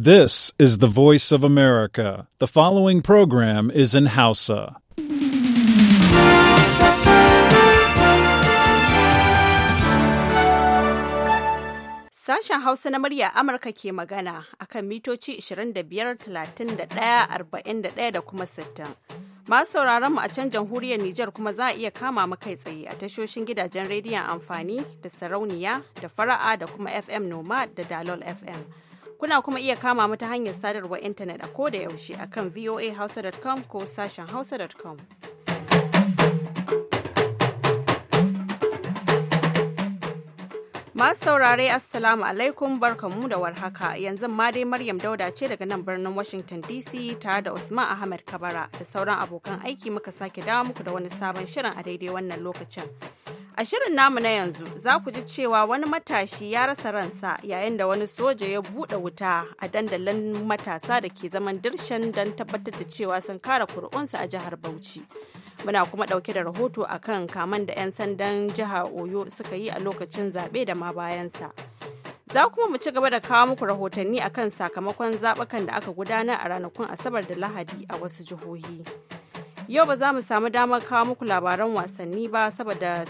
This is the voice of America. The following program is in Hausa. Sashen Hausa na murya Amurka ke magana akan mitoci 25, 31, da kuma 60. Masu sauraron mu a can jamhuriyar Nijar kuma za a iya kama makai tsaye a tashoshin gidajen rediyon amfani da sarauniya da fara'a da kuma FM Noma da Dalol FM. Kuna kuma iya kama mu ta hanyar sadarwar intanet a koda da yaushe a kan voahausa.com ko sashen hausa.com. Masu saurare Assalamu alaikum barkanmu da warhaka yanzu ma dai Maryam Dauda ce daga nan birnin Washington DC tare da Usman Ahmed Kabara da sauran abokan aiki muka sake dawo muku da wani sabon shirin a daidai wannan lokacin. A shirin namu na yanzu za ku ji cewa wani matashi ya rasa ransa yayin da wani soja ya buɗe wuta a dandalin matasa da ke zaman dirshan don tabbatar da cewa sun kare kuri'unsa a jihar Bauchi. Muna kuma ɗauke da rahoto a kan kaman da 'yan sandan jihar Oyo suka yi a lokacin zaɓe da ma bayansa. Za kuma mu ci gaba da kawo muku rahotanni a kan sakamakon zaɓukan da aka gudanar a ranakun Asabar da Lahadi a wasu jihohi. Yau ba za mu samu damar kawo muku labaran wasanni ba saboda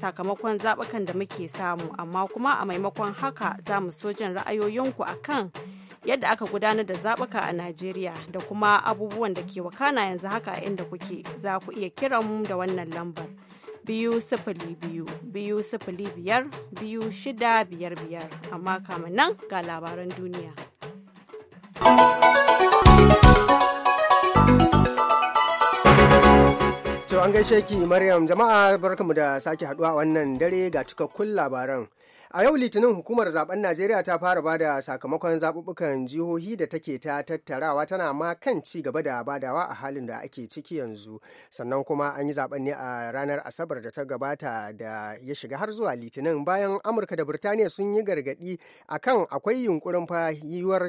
sakamakon zaɓukan da muke samu, amma kuma a maimakon haka za mu so jin ra'ayoyinku kan yadda aka gudanar da zaɓuka a Najeriya da kuma abubuwan da ke wakana yanzu haka a inda kuke za ku iya kiran mu da wannan lambar. Biyu sifili biyu, biyu sifili biyar, biyu shida biyar biyar, amma kamin nan ga labaran duniya. an gaishe ki Maryam jama'a barkamu da sake haduwa wannan dare ga cikakkun labaran. A yau Litinin hukumar zaben Najeriya ta fara bada sakamakon zaɓuɓɓukan jihohi da take ta tattarawa tana ma kan ci gaba da badawa a halin da ake ciki yanzu. Sannan kuma an yi zaben ne a ranar Asabar da ta gabata da ya shiga har zuwa Litinin bayan Amurka da Birtaniya sun yi gargaɗi kan akwai yunkurin fa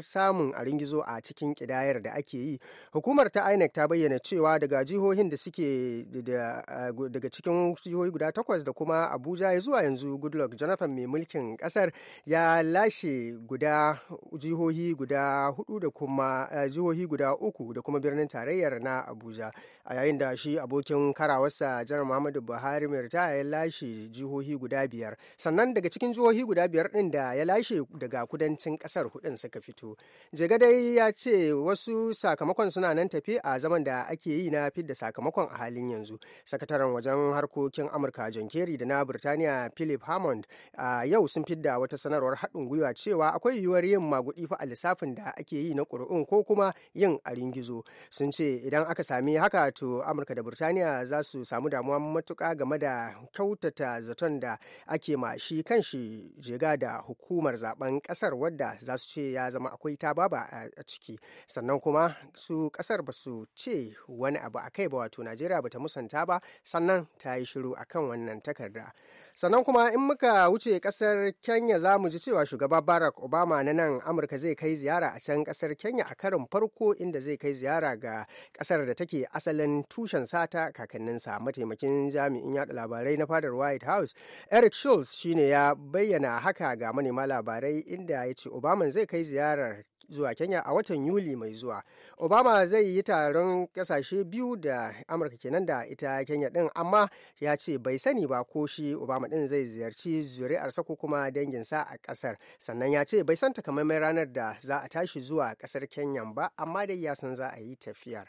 samun a ringizo a cikin ƙidayar da ake yi. Hukumar ta INEC ta bayyana cewa daga jihohin da suke daga cikin jihohi guda takwas da kuma Abuja zuwa yanzu Goodluck Jonathan mai mulki mulkin kasar ya lashe guda jihohi guda hudu da kuma eh, jihohi guda uku da kuma birnin tarayyar na abuja a yayin da shi abokin karawarsa janar muhammadu buhari mai ta ya lashe jihohi guda biyar sannan daga cikin jihohi guda biyar din da ya lashe daga kudancin kasar hudun suka fito jagadai ya ce wasu sakamakon suna nan tafi a zaman da ake yi na fidda sakamakon a halin yanzu sakataren wajen harkokin amurka john kerry da na birtaniya philip hammond a yau yau sun fidda wata sanarwar haɗin gwiwa cewa akwai yiwuwar yin magudi fa a lissafin da ake yi na ƙuri'un ko kuma yin arin gizo sun ce idan aka sami haka to amurka da burtaniya za su samu damuwa matuƙa game da kyautata zaton da ake ma shi kan shi jega da hukumar zaben kasar wadda za su ce ya zama akwai tababa a ciki sannan kuma su ƙasar ba su ce wani abu a kai ba wato najeriya ba ta musanta ba sannan ta yi shiru akan wannan takarda sannan kuma in muka wuce kasar kenya za mu ji cewa shugaba barack obama na nan amurka zai kai ziyara a can kasar kenya a karin farko inda zai kai ziyara ga kasar da take asalin tushen sata kakanninsa mataimakin jami'in yada labarai na fadar white house eric schultz shine ya bayyana haka ga manema labarai inda ya ce obama zai kai ziyarar zuwa kenya a watan yuli mai zuwa obama zai yi taron kasashe biyu da amurka kenan da ita kenya din amma ya ce bai sani ba ko shi obama din zai ziyarci zuri'arsa ko kuma danginsa a kasar sannan ya ce bai san takamaiman ranar da za a tashi zuwa kasar kenya ba amma dai ya san za a yi tafiyar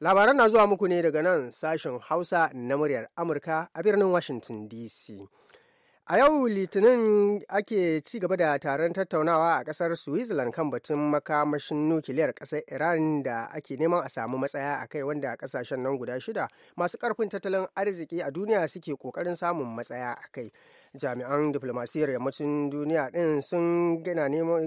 labaran na zuwa muku ne daga nan sashen hausa na muryar amurka a birnin washington dc A yau Litinin ake ci gaba da taron tattaunawa a kasar Switzerland kan batun makamashin nukiliyar kasar Iran da ake neman a samu matsaya a kai wanda kasashen nan guda shida masu karfin tattalin arziki a duniya suke kokarin samun matsaya a kai. jami'an diflomasiyyar yammacin duniya din sun gina nemo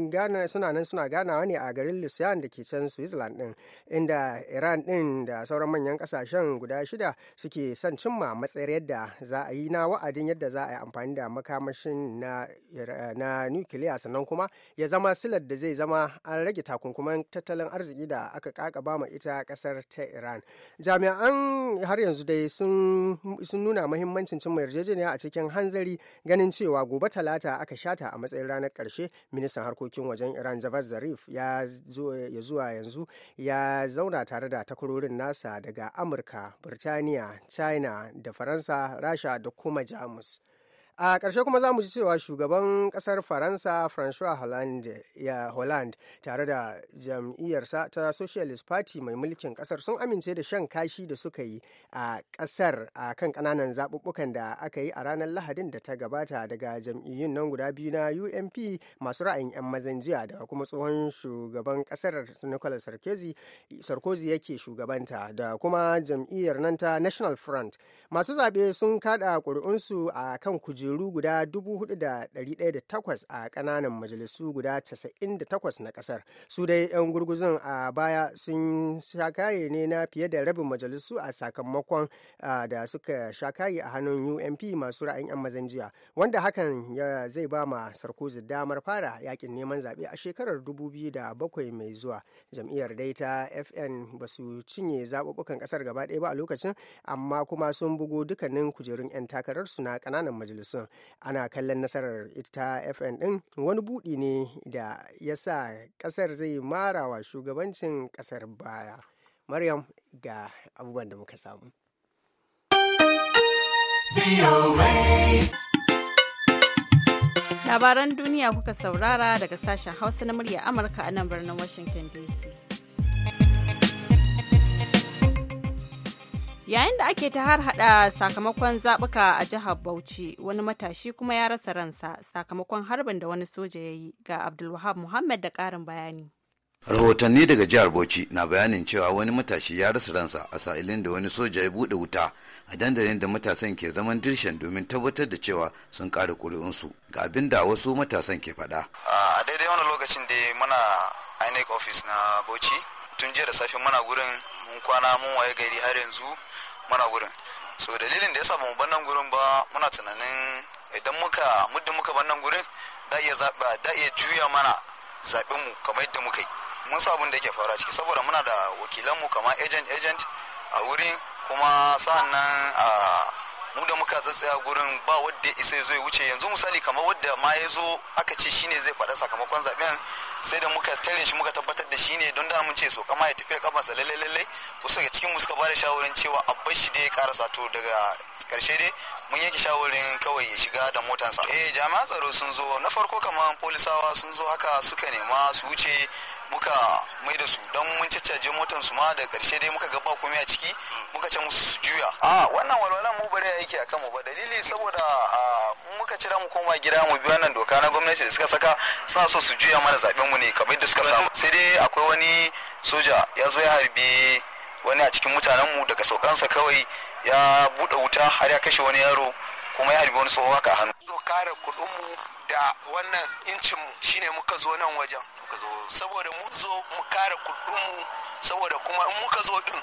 suna nan suna ganawa ne a garin lucian da ke can Switzerland din inda Iran din da sauran manyan kasashen guda shida suke son cimma matsayar yadda za a yi na wa'adin yadda za a yi amfani da makamashin na nukiliya sannan kuma ya zama silar da zai zama an rage takunkuman tattalin arziki da aka ba ma ita kasar ta Iran jami'an har yanzu dai sun nuna mahimmancin cimma yarjejeniya a cikin hanzari ganin cewa gobe talata aka shata a matsayin ranar karshe ministan harkokin wajen iran javad zarif ya zuwa yanzu ya zauna tare da takwarorin nasa daga amurka birtaniya china da faransa rasha da kuma jamus a ƙarshe kuma za mu ji cewa shugaban ƙasar faransa françois hollande ya holland tare da jam'iyyarsa ta socialist party mai mulkin ƙasar sun amince da shan kashi da suka yi a ƙasar a kan ƙananan zaɓuɓɓukan da aka yi a ranar lahadin da ta gabata daga jam'iyyun nan guda biyu na ump masu ra'ayin 'yan mazan jiya da kuma tsohon shugaban ƙasar nicolas sarkozy sarkozy yake shugabanta da kuma jam'iyyar nan ta national front masu zaɓe sun kaɗa ƙuri'unsu a kan kujeru kujeru guda 4,108 a kananan majalisu guda 98 na kasar Su dai 'yan gurguzun a baya sun shakaye ne na fiye da rabin majalisu a sakamakon da suka shakaye a hannun UNP masu ra'ayin 'yan mazan jiya, wanda hakan zai ba ma Sarkozy damar fara yakin neman zaɓe a shekarar 2007 mai zuwa. Jam'iyyar dai FN ba su cinye zaɓuɓɓukan ƙasar gaba ɗaya ba a lokacin, amma kuma sun bugo dukkanin kujerun 'yan takararsu na ƙananan majalisu. Jackson ana kallon nasarar ita FN ɗin wani buɗi ne da ya sa ƙasar zai marawa shugabancin ƙasar baya. Maryam ga abubuwan da muka samu. Labaran duniya kuka saurara daga sashen Hausa na murya Amurka a nan birnin Washington DC. yayin da ake ta har hada sakamakon zabuka a jihar bauchi wani matashi kuma ya rasa ransa sakamakon harbin da wani soja ya yi ga abdulwahab muhammad da karin bayani rahotanni daga jihar bauchi na bayanin cewa wani matashi ya rasa ransa a sa'ilin da wani soja ya buɗe wuta a dandalin da matasan ke zaman dirshen domin tabbatar da cewa sun kare ƙuri'unsu ga abin da wasu matasan ke faɗa. a daidai wani lokacin da muna inec office na bauchi tun jiya da safe muna gurin mun kwana mun waye gari har yanzu muna gurin so dalilin da yasa bamu bannan gurin ba muna tunanin idan muka muddin muka bannan gurin da iya zaɓa da iya juya mana zaɓin mu kamar yadda muka yi mun sa abin da yake faruwa ciki saboda muna da wakilan mu kamar agent agent a wurin kuma sa'an a ah, mu da muka tsatsaya gurin ba wadda isa zai wuce yanzu misali kamar wadda ma ya zo aka ce shine zai faɗa sakamakon zaben sai da muka tare shi muka tabbatar da shine don da mun ce so kama ya tafi kafa sa lalle lalle kusa daga cikin mu suka bada shawarin cewa a bar shi dai ya karasa to daga karshe dai mun yanke shawarin kawai ya shiga da sa. eh jami'an tsaro sun zo na farko kamar polisawa sun zo haka suka nema su wuce muka mai da su don mun caccaje motan su ma da karshe dai muka gaba komai a ciki muka ce musu su juya a wannan walwalan mu bare aiki a kanmu ba dalili saboda muka cira mu koma gida mu bi wannan doka na gwamnati da suka saka suna so su juya mana zaben mu ne kamar da suka samu sai dai akwai wani soja ya zo ya harbi wani a cikin mutanen mu daga saukansa kawai ya bude wuta har ya kashe wani yaro kuma ya harbi wani tsohon haka a hannu. Zo kare mu da wannan incin mu shine muka zo nan wajen. ka zo saboda mu zo mu kare kudinmu saboda kuma in muka zo din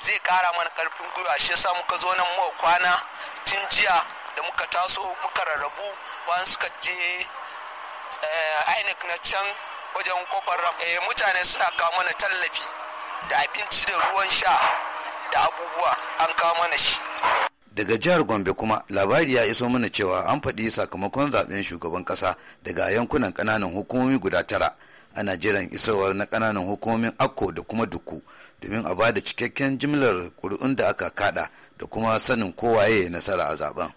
zai kara mana karfin gwiwa shi yasa muka zo nan mu kwana tun jiya da muka taso muka rarrabu wani suka je eh, INEC na can wajen kofar eh, mutane suna kawo mana tallafi da abinci da ruwan sha da abubuwa an kawo mana shi daga jihar gombe kuma labari ya iso mana cewa an faɗi sakamakon zaɓen shugaban ƙasa daga yankunan ƙananan hukumomi guda tara a jiran isowar na kananan hukumomin akko da kuma duku domin a ba da cikakken jimlar ƙuri'un da aka kada da kuma sanin kowaye nasara a zaben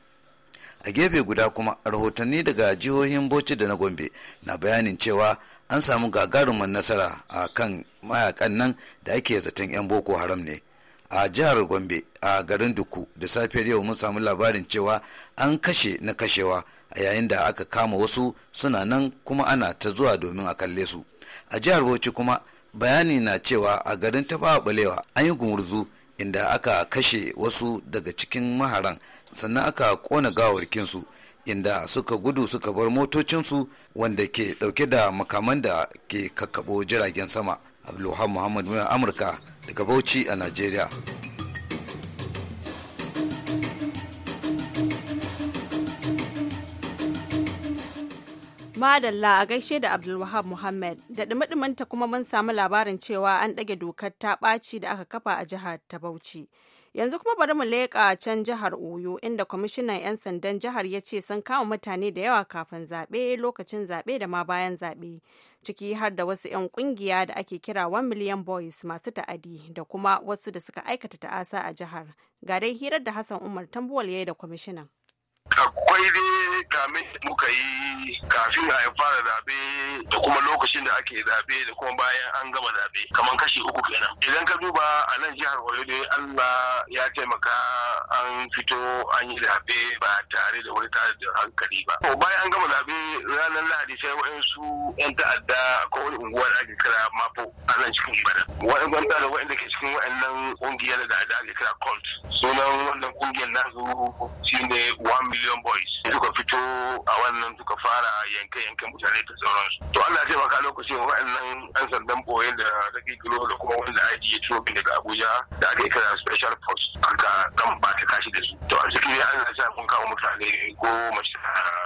a gefe guda kuma rahotanni daga jihohin bauchi da na gombe na bayanin cewa an samu gagarumin nasara a kan mayakan nan da ake zaton 'yan boko haram ne a jihar gombe a garin duku da safiyar yau mun samu labarin cewa an kashe na kashewa a yayin da aka kama wasu suna nan kuma ana ta zuwa domin a kalle su a jihar bauchi kuma bayani na cewa a garin tafawa balewa an yi gumurzu inda aka kashe wasu daga cikin maharan sannan aka kona gawarkinsu inda suka gudu suka bar motocinsu wanda ke dauke da makaman da ke kakkabo jiragen sama abdulhamid muhammad amurka daga bauchi a nigeria. Madalla a gaishe da Abdulwahab Muhammad da ta kuma mun samu labarin cewa an ɗage dokar ta ɓaci da aka kafa a jihar ta Bauchi. Yanzu kuma bari mu leƙa can jihar Oyo inda kwamishinan 'yan sandan jihar ya ce sun kama mutane da yawa kafin zaɓe lokacin zaɓe da ma bayan zaɓe ciki har da wasu 'yan ƙungiya da ake kira 1 million boys masu ta'adi da kuma wasu da suka aikata ta'asa a jihar. Ga dai hirar da Hassan Umar Tambuwal ya yi da kwamishinan. akwai dai kamin muka yi kafin a fara zabe da kuma lokacin da ake zabe da kuma bayan an gama zabe kamar kashi uku kenan idan ka duba a nan jihar Oyo dai Allah ya taimaka an fito an yi zabe ba tare da wani tare da hankali ba to bayan an gama zabe ranar Lahadi sai waɗansu 'yan ta'adda ko wani unguwa da ake kira Mapo a nan cikin Ibadan wani gwamnati da waɗanda ke cikin waɗannan ƙungiyar da ake kira cult sunan wannan ƙungiyar nasu shine 1 million Young Boys suka fito a wannan suka fara yanke-yanke mutane da sauransu. To Allah ya taimaka lokacin waɗannan 'yan sandan boye da da kikilo da kuma wanda aji ya ciro daga Abuja da aka kira special force aka dan ba ta kashi da su. To a cikin ya an ya mun kawo mutane goma sha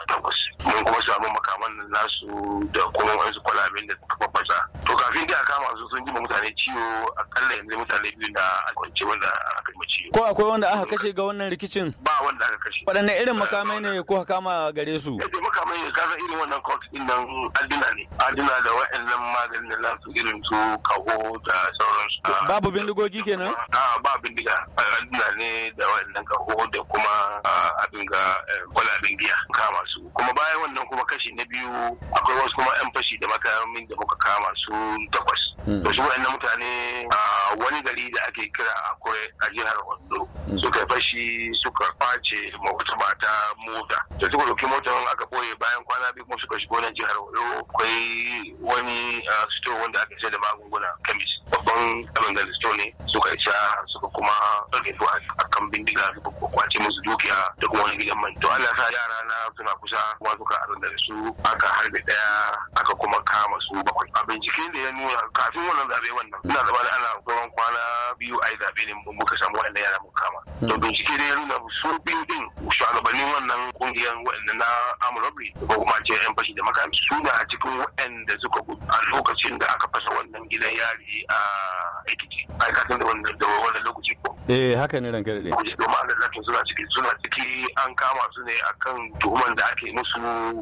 takwas. Mun kuma samu makaman nasu da kuma wasu kwalaben da suka babbaza To kafin da kama su sun ji mutane ciwo akalla yanzu mutane biyu na kwance wanda aka kai ciwo. Ko akwai wanda aka kashe ga wannan rikicin? Ba wanda aka kashe. Waɗanne irin makamai ne ko kama gare su eh makamai ne kaza irin wannan court din nan adina ne adina da wa'annan maganin da za su irin su kaho da sauransu babu bindigogi kenan a ba bindiga adina ne da wa'annan kaho da kuma abin ga eh, kwalabin giya kama su kuma bayan wannan kuma kashi na biyu akwai wasu kuma yan fashi da makamin da muka kama su takwas da hmm. su wa'annan mutane wani gari da ake kira akwai a jihar Ondo hmm. suka fashi suka kwace wata mata mota da suka ɗauki motar aka ɓoye bayan kwana biyu kuma suka shigo nan jihar akwai wani ah, store wanda aka sayar da magunguna kemis babban abin da listo ne suka isa suka kuma ɗauke su a kan bindiga suka kwace musu dukiya da kuma wani gidan mai to Allah sa yara na suna kusa kuma suka arzanda da su aka harbe ɗaya aka kuma kama su bakwai a bincike da ya nuna kafin wannan zaɓe wannan ina zama da ana gaban kwana biyu a yi zaɓe ne muka samu waɗanda yara muka kama to hmm. bincike da ya nuna su biyu ɗin shugabannin wannan kungiyar waɗanda na amurabri ko kuma ce 'yan fashi da makami su na cikin waɗanda suka gudu a lokacin da aka fasa wannan gidan yari a ekiti a kasar da wannan lokaci ko Eh haka ne ranka daɗe. Jama'a da zafin suna ciki suna ciki an kama su ne akan tuhuman da ake musu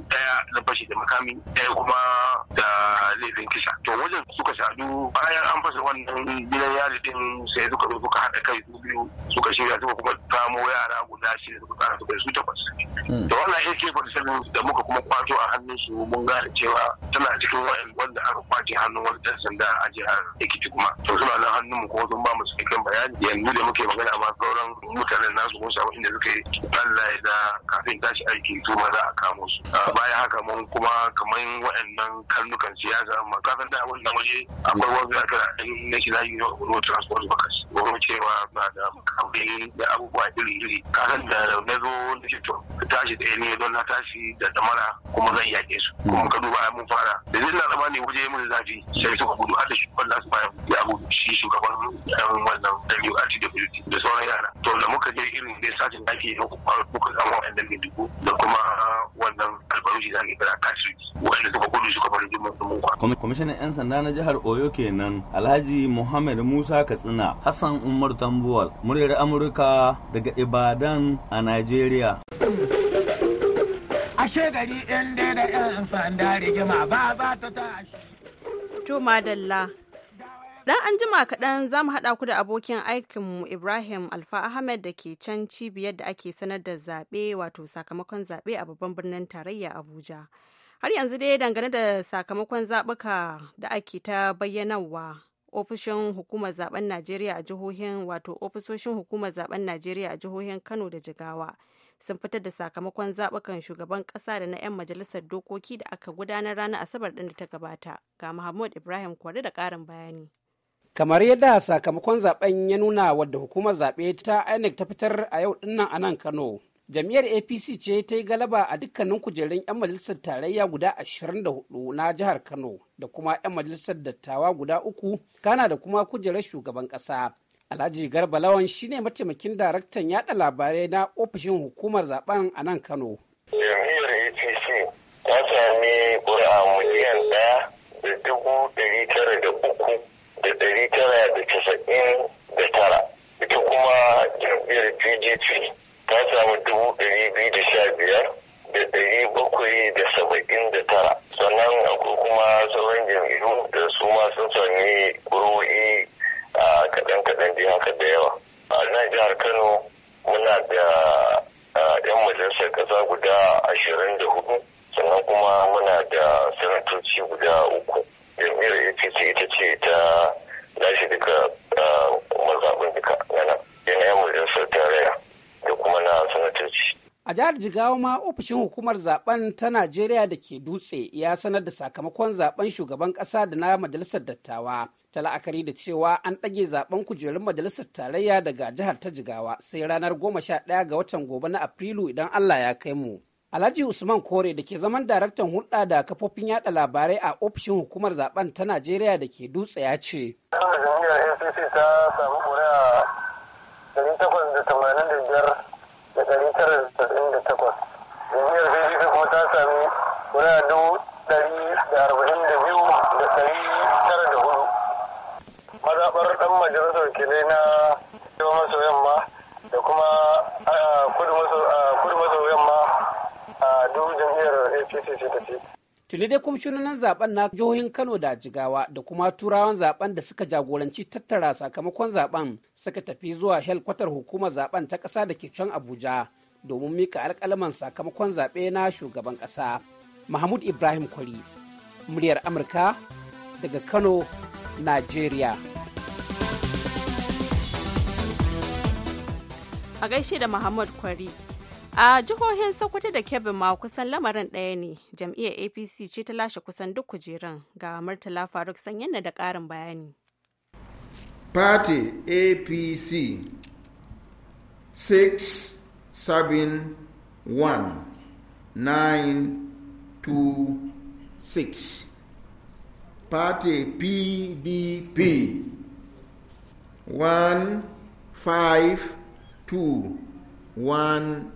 daya na fashi da makami daya kuma da laifin kisa. To wajen suka sadu bayan an fasa wannan gidan yari din sai suka zo suka haɗa kai su biyu suka shirya suka kuma samo yara guda shida suka kara suka su takwas. Da hmm. wannan AK-47 da muka kuma kwato a hannun su mun gane cewa tana cikin wanda aka kwace hannun wani ɗan sanda a jihar Ekiti kuma. To suna nan hannun mu ko sun ba mu cikakken bayani yanzu da muke magana amma sauran mutanen nasu mun samu inda suka yi Allah ya da kafin tashi aiki su ma za a kamo su bayan haka mun kuma kamar waɗannan karnukan siyasa amma kafin da wannan waje akwai wanda aka na shi zai yi wa transport workers wurin cewa ba da makamai da abubuwa iri-iri kafin da na zo na shi tashi ɗaya ne don na tashi da damara kuma zan yaƙe su kuma ka duba mun fara da zai na zama ne waje mun zafi sai suka gudu har da shugaban nasu bayan ya gudu shi shugaban wannan WRTW da sauran yara to da muka je irin dai satin da ake muka samu wa'annan bindigu da kuma wannan shi zan yi kira kasuji wa'anda suka gudu suka bari jimar mun kwa. kwamishinan 'yan sanda na jihar oyo kenan alhaji muhammad musa katsina hassan umar tambuwal muryar amurka daga ibadan a nigeria. ashe gari ɗin da 'yan sanda rigima ba ba ta tashi. To madalla Dan an jima kaɗan za mu haɗa ku da abokin aikinmu Ibrahim Alfa Ahmed da ke can cibiyar da ake sanar da zaɓe wato sakamakon zaɓe a babban birnin tarayya Abuja. Har yanzu dai dangane da sakamakon zaɓuka da ake ta bayyanarwa ofishin hukumar zaben Najeriya a jihohin wato ofisoshin hukumar zaɓen Najeriya a jihohin Kano da Jigawa sun fitar da sakamakon zaɓukan shugaban ƙasa da na 'yan majalisar dokoki da aka gudanar ranar Asabar ɗin da ta gabata. Ga Mahmud Ibrahim kware da ƙarin bayani. kamar yadda sakamakon zaben ya nuna wadda hukumar zaɓe ta inec ta fitar a yau dinnan a nan kano jam'iyyar apc ce ta yi galaba a dukkanin kujerun 'yan majalisar tarayya guda 24 na jihar kano da kuma 'yan majalisar dattawa guda uku kana da kuma kujerar shugaban ƙasa alhaji garba lawan shine mataimakin daraktan yada labarai na ofishin hukumar zaben a nan kano jam'iyyar apc ta sami ƙuri'a miliyan ɗaya da dubu ɗari tara da uku da ɗari tara da casa'in da tara ita kuma jam'iyyar pdp ta samu dubu ɗari biyu da sha biyar da ɗari bakwai da saba'in da tara sannan akwai kuma sauran jam'iyyu da su ma sun sami ƙuri'o'i a kaɗan-kaɗan da haka da yawa a nan jihar kano muna da 'yan majalisar ƙasa guda ashirin da hudu sannan kuma muna da sanatoci guda uku jam'iyyar ce ita ce ta lashe duka duka yana yanayin tarayya da kuma na sanatoci a jihar jigawa ma ofishin hukumar zaben ta najeriya da ke dutse ya sanar da sakamakon zaben shugaban kasa da na majalisar dattawa ta la'akari da cewa an ɗage zaben kujerun majalisar tarayya daga jihar ta jigawa sai ranar goma sha ɗaya ga watan gobe na afrilu idan allah ya kai mu Alhaji Usman Kore da ke zaman daraktan hulɗa da kafofin yada labarai a ofishin hukumar zaben ta Najeriya da ke dutse ya ce. Yadda jami'ar APC ta samu ƙuri'a da kwamishinonin zaben na jihohin kano da jigawa da kuma turawan zaben da suka jagoranci tattara sakamakon zaben suka tafi zuwa helkwatar hukumar zaben ta ƙasa da ke can abuja domin mika alƙalaman sakamakon zaɓe na shugaban ƙasa mahmud ibrahim kwari muryar amurka daga kano Najeriya. a gaishe da Muhammad Kwari. a jihohin sokoto da kebbin ma kusan lamarin ɗaya ne jam'iyyar apc ce ta lashe kusan duk kujeran ga murtala faruk sanyin da ƙarin bayani party apc 6 7 1 9 party pdp 1 5 2 1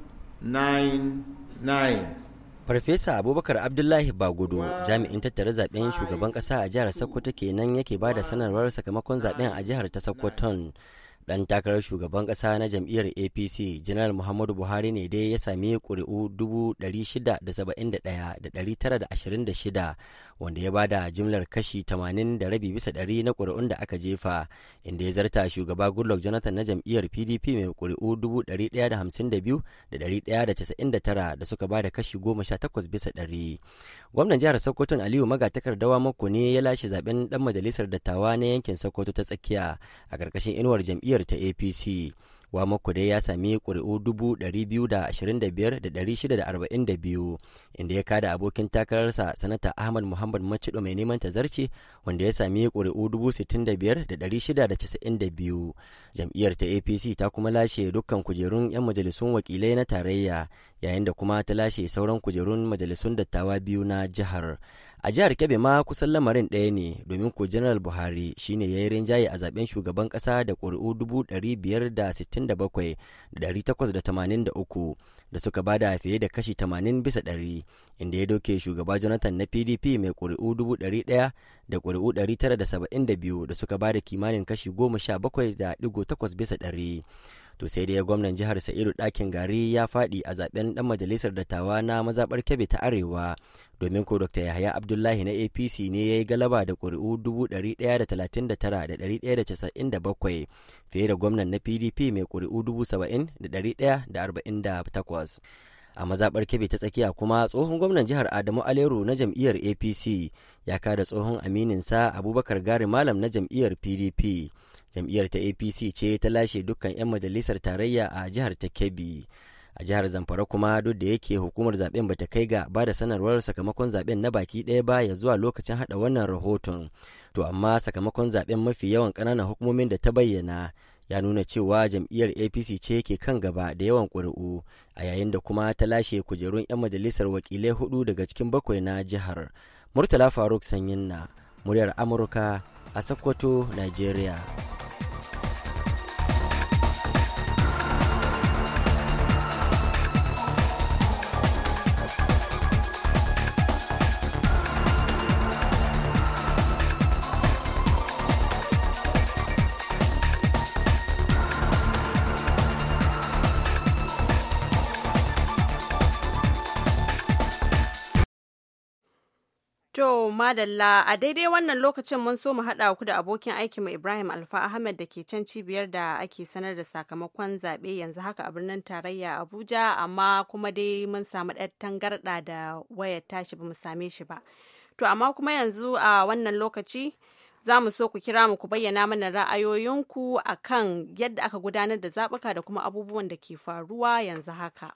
Farfesa Abubakar Abdullahi Bagudo jami'in tattara zaben shugaban kasa a jihar Sokoto kenan yake ba da sanarwar sakamakon zaben a jihar ta Sokoton. dan takarar shugaban kasa na jam'iyyar apc janar muhammadu buhari ne dai ya sami ƙuri'u 671,926 wanda ya bada jimlar kashi 80 da rabi bisa ɗari na ƙuri'un da aka jefa inda ya zarta shugaba goodluck jonathan na jam'iyyar pdp mai ƙuri'u 152,199 da suka bada kashi 18 bisa ɗari gwamnan jihar Sokoto aliyu Magatakarda mako ne ya lashe zaben dan majalisar dattawa na yankin sokoto ta tsakiya a ƙarƙashin inuwar jam'iyyar ta apc wa mako dai ya sami ƙuri'u 225,642 inda ya kada abokin takararsa sanata ahmad muhammad macido mai neman tazarci wanda ya sami ƙuri'u 65,692 jam'iyyar ta apc ta kuma lashe dukkan kujerun 'yan majalisun wakilai na tarayya yayin da kuma ta lashe sauran kujerun majalisun dattawa biyu na jihar a jihar kebbi ma kusan lamarin ɗaya ne domin ko janar buhari shine ya yi rinjaye a zaben shugaban ƙasa da ƙuri'u 567,883 da suka bada fiye da kashi 80 bisa 100 inda ya doke shugaba jonathan na pdp mai ƙuri'u 1,000 da ƙuri'u 972 da suka bada kimanin kashi 17.8 bisa 100 to sai dai gwamnan jihar Sa'idu ɗakin gari ya faɗi a zaben ɗan majalisar dattawa na mazaɓar kebe ta arewa domin ko dr yahaya abdullahi na apc ne ya yi galaba da ƙuri'u 139,197 fiye da gwamnan na pdp mai ƙuri'u 70,148 a Mazabar kebe ta tsakiya kuma tsohon gwamnan jihar adamu aleru na jam'iyyar apc ya kada tsohon sa abubakar gari malam na jam'iyyar pdp jam'iyyar ta apc ce ta lashe dukkan 'yan majalisar tarayya a jihar ta kebbi a jihar zamfara kuma duk da yake hukumar zaben bata kai ga ba da sanarwar sakamakon zaben na baki ɗaya ba ya zuwa lokacin hada wannan rahoton to amma sakamakon zaben mafi yawan ƙananan hukumomin da ta bayyana ya nuna cewa jam'iyyar apc ce ke kan gaba da yawan kuri'u a yayin da kuma ta lashe kujerun 'yan majalisar wakilai hudu daga cikin bakwai na jihar murtala faruk sanyin na muryar amurka a Sokoto, Nigeria. madalla a daidai wannan lokacin mun so mu haɗa ku da abokin aikin mu Ibrahim Alfa Ahmed da ke can cibiyar da ake sanar da sakamakon zaɓe yanzu haka a birnin tarayya Abuja amma kuma dai mun samu ɗan tangarɗa da wayar tashi ba mu same shi ba. To amma kuma yanzu a wannan lokaci za mu so ku kira mu ku bayyana mana ra'ayoyinku akan yadda aka gudanar da zaɓuka da kuma abubuwan da ke faruwa yanzu haka.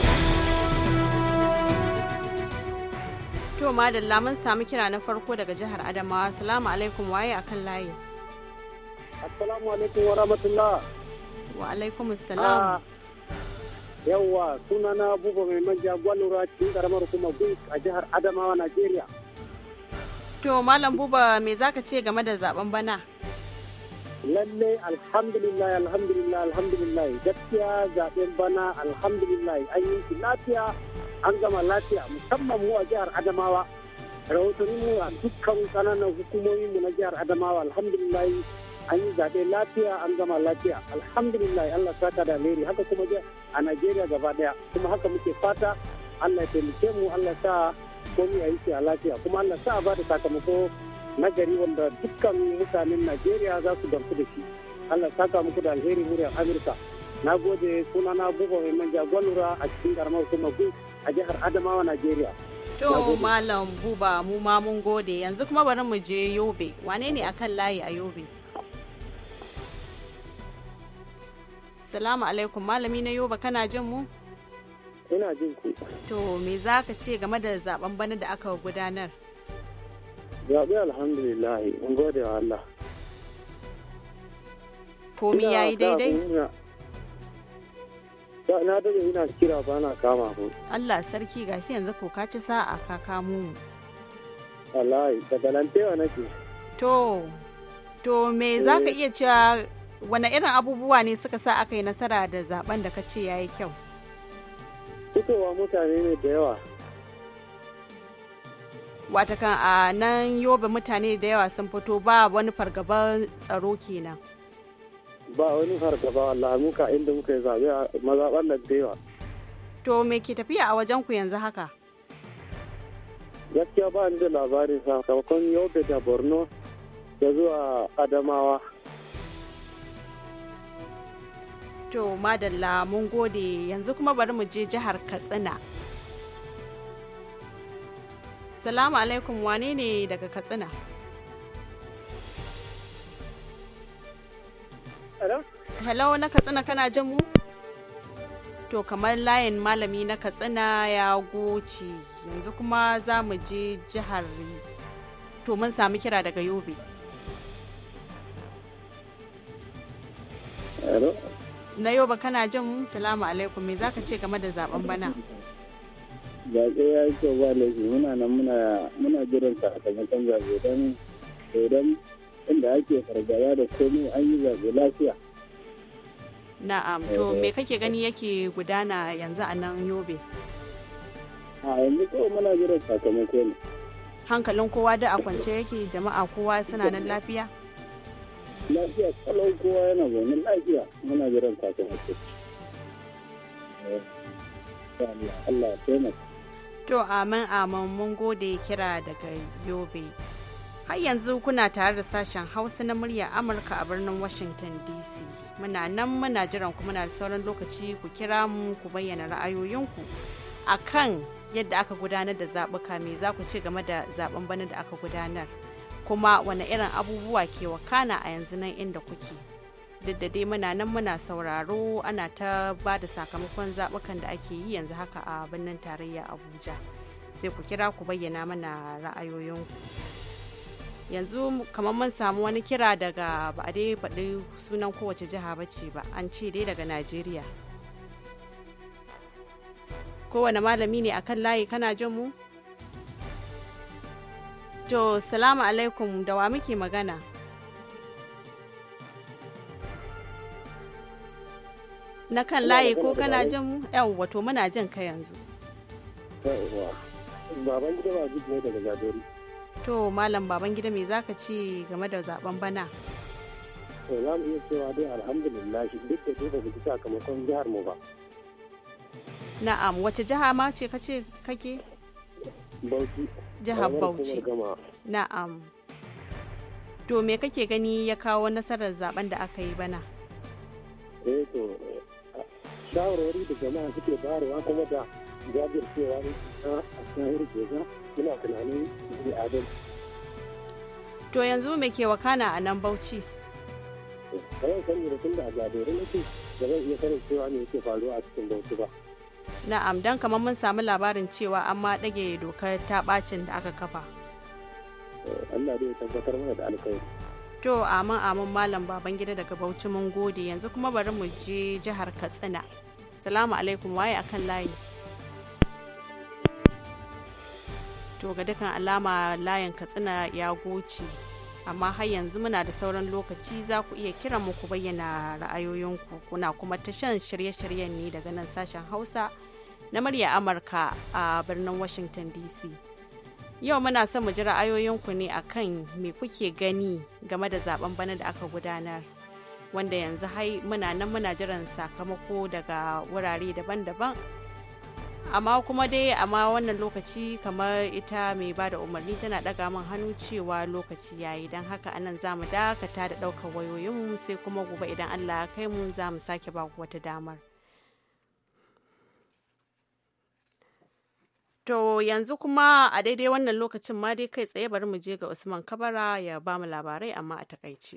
ma madalla mun sami kira na farko daga jihar Adamawa. Assalamu alaikum waye akan layi. Assalamu alaikum wa rahmatullah. Wa alaikum assalam. Ah, yawwa sunana Buba mai manja gwalura cikin karamar kuma gwi a jihar Adamawa Najeriya. To Malam Buba me zaka ce game da zaben bana? Lalle alhamdulillah alhamdulillah alhamdulillah gaskiya zaben bana alhamdulillah an yi lafiya an gama lafiya musamman mu a jihar adamawa rahotanni mu a dukkan kananan hukumomi mu na jihar adamawa alhamdulillah an yi zaɓe lafiya an gama lafiya alhamdulillah allah ta ta da alheri haka kuma a najeriya gaba daya kuma haka muke fata allah ya taimake mu allah sa komi a yi a lafiya kuma allah sa ba da sakamako na gari wanda dukkan mutanen najeriya za su gamsu da shi allah saka muku da alheri muryar amurka na gode sunana buba mai manja gwalura a cikin karamar kuma gus a jihar Adamawa Najeriya. To Malam Buba mu ma mun gode yanzu kuma bari mu je Yobe wane ne akan layi a Yobe? Salamu alaikum malami na Yobe kana jin mu? Ina jin ku. To me za ka ce game da zaben bana da aka gudanar? Zaɓe alhamdulillah in gode wa Allah. Komi ya yi daidai? na daga ina kira ba na kama ku. Allah sarki gashi yanzu ko ka ci sa'a ka kamo mu. Wallahi daga nan tewa nake. To to me za ka eh. iya cewa Wani irin abubuwa ne suka sa aka yi nasara da zaben da ka ce ya yi kyau? Fitowa mutane ne da yawa. Watakan a nan yobe mutane da yawa sun fito ba wani fargabar tsaro kenan. ba wani fargaba wallahi inda muka yi zaɓe a mazaɓar To me ke tafiya a wajen ku yanzu haka? Gaskiya ba ni da labarin sakamakon yau da Borno da zuwa Adamawa. To madalla mun gode yanzu kuma bari mu je jihar Katsina. Salamu alaikum wane ne daga Katsina? Hello na Katsina kana jin mu? To kamar layin malami na Katsina ya goce yanzu kuma za mu je jihar to mun sami kira daga Yobe. Na Yobe kana jin mu? Salamu alaikum me zaka ce game da zaben bana? Zaɓe ya yi kyau ba laifi muna nan muna jiran sakamakon zaɓe don inda ake fargaba da komai an yi zaɓe lafiya. Na'am, to me kake gani yake gudana yanzu a nan Yobe? A yanzu kawai muna jira sakamako ne. Hankalin kowa da a kwance yake jama'a kowa suna nan lafiya? Lafiya kalau kowa yana zaune lafiya muna jira sakamako. Allah ya taimaka. To amin amin mun gode kira daga Yobe. Har yanzu kuna tare da sashen Hausa na murya Amurka a birnin Washington DC. Muna nan muna jiran ku muna sauran lokaci ku kira mu ku bayyana ra'ayoyinku a kan yadda aka gudanar da zaɓuka me za ku ce game da zaɓen bana da aka gudanar. Kuma wane irin abubuwa ke wakana a yanzu nan inda kuke. Duk da dai muna nan muna sauraro ana ta ba da sakamakon zaɓukan da ake yi yanzu haka a birnin tarayya Abuja. Sai ku kira ku bayyana mana ra'ayoyinku. yanzu kamar mun samu wani kira daga ba dai faɗi sunan kowace jiha ba ce ba an ce dai daga najeriya kowane malami ne akan layi kana jin mu to salamu alaikum da wa muke magana na kan layi ko kana jin mu yawwa wato muna jin ka yanzu baban gida ba daga to malam baban gida mai zaka ce game da zaben bana to za mu iya cewa dai alhamdulillah duk da duk da mu sakamakon jihar mu ba na'am wace jiha ma ce kace kake bauchi Jiha bauchi na'am to me kake gani ya kawo nasarar zaben da aka yi bana eh to shawarwari da jama'a suke bayarwa kuma da jajircewa To yanzu me ke wakana a nan Bauchi? Na'am dan kamar mun sami labarin cewa an ma ɗage dokar ta bacin da aka kafa. Eh, Allah a ya tabbatar da alkhairi. To amin malam baban gida daga Bauchi mun gode yanzu kuma bari mu je jihar Katsina. Salamu alaikum waye akan layi. to ga dukkan alama layin katsina ya goce amma har yanzu muna da sauran lokaci za ku iya kiran mu ku bayyana ra'ayoyinku kuna kuma tashan shirye-shiryen ne daga nan sashen hausa na murya amurka a birnin washington dc yau muna son mu ji ra'ayoyinku ne akan me kuke gani game da zaben bana da aka gudanar wanda yanzu hai muna nan muna jiran sakamako daga wurare daban-daban amma kuma dai amma wannan lokaci kamar ita mai ba da umarni tana daga min hannu cewa lokaci ya yi don haka anan za mu dakata da daukar wayoyinmu sai kuma gobe idan allah ya kai mu za mu sake ba wata damar to yanzu kuma a daidai wannan lokacin ma dai kai tsaye bari mu je ga usman kabara ya ba mu labarai amma a takaici.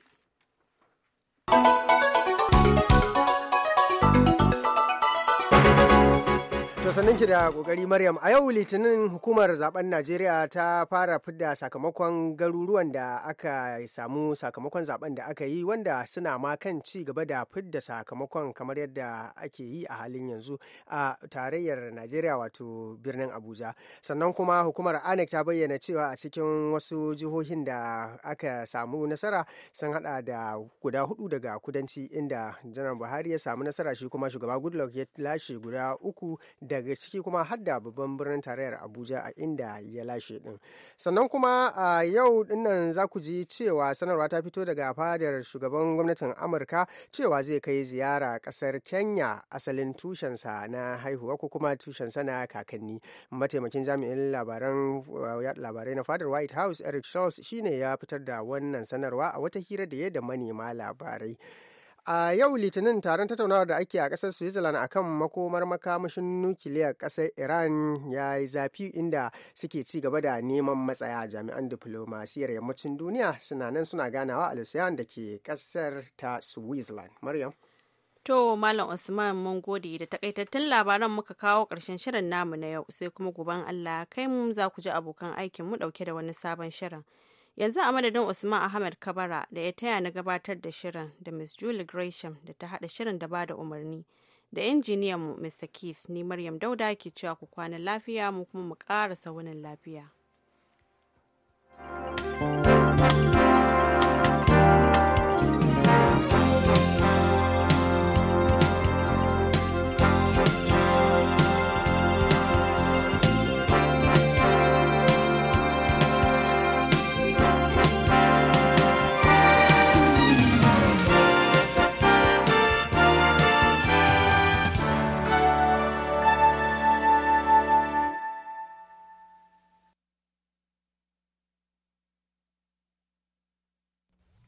To sannan ki da kokari Maryam a yau litinin hukumar zaben Najeriya ta fara fidda sakamakon garuruwan da aka samu sakamakon zaben da aka yi wanda suna ma kan ci gaba da fidda sakamakon kamar yadda ake yi a halin yanzu a tarayyar Najeriya wato birnin Abuja. Sannan kuma hukumar ANEC ta bayyana cewa a cikin wasu jihohin da aka samu nasara sun hada da guda hudu daga kudanci inda Janar Buhari ya samu nasara shi kuma shugaba Goodluck ya lashe guda uku da daga ciki kuma har da babban birnin tarayyar abuja a inda ya lashe din sannan kuma a yau dinnan za ku ji cewa sanarwa ta fito daga fadar shugaban gwamnatin amurka cewa zai kai ziyara kasar kenya asalin tushensa na haihuwa ko kuma tushensa na kakanni mataimakin jami'in labaran uh, labarai na fadar white house eric charles shine ya fitar da wannan sanarwa a wata hira da ya da manema labarai a yau litinin taron tattaunawar da ake a kasar switzerland akan makomar makamashin nukiliya kasar iran ya yi zafi inda suke ci gaba da neman matsaya jami'an diplomasiyar yammacin duniya suna nan suna ganawa a lusiyan da ke kasar ta switzerland maryam To Malam Usman mun gode da takaitattun labaran muka kawo karshen shirin namu na yau sai kuma guban Allah kai mu za ku ji abokan aikin mu ɗauke da wani sabon shirin. yanzu a madadin usman ahmed kabara da ya taya na gabatar da shirin da miss julie gresham da ta hada shirin da ba da umarni da injiniyan mu mr keith ni maryam dauda ke cewa ku kwana lafiya mu kuma mu ƙara saunin lafiya thank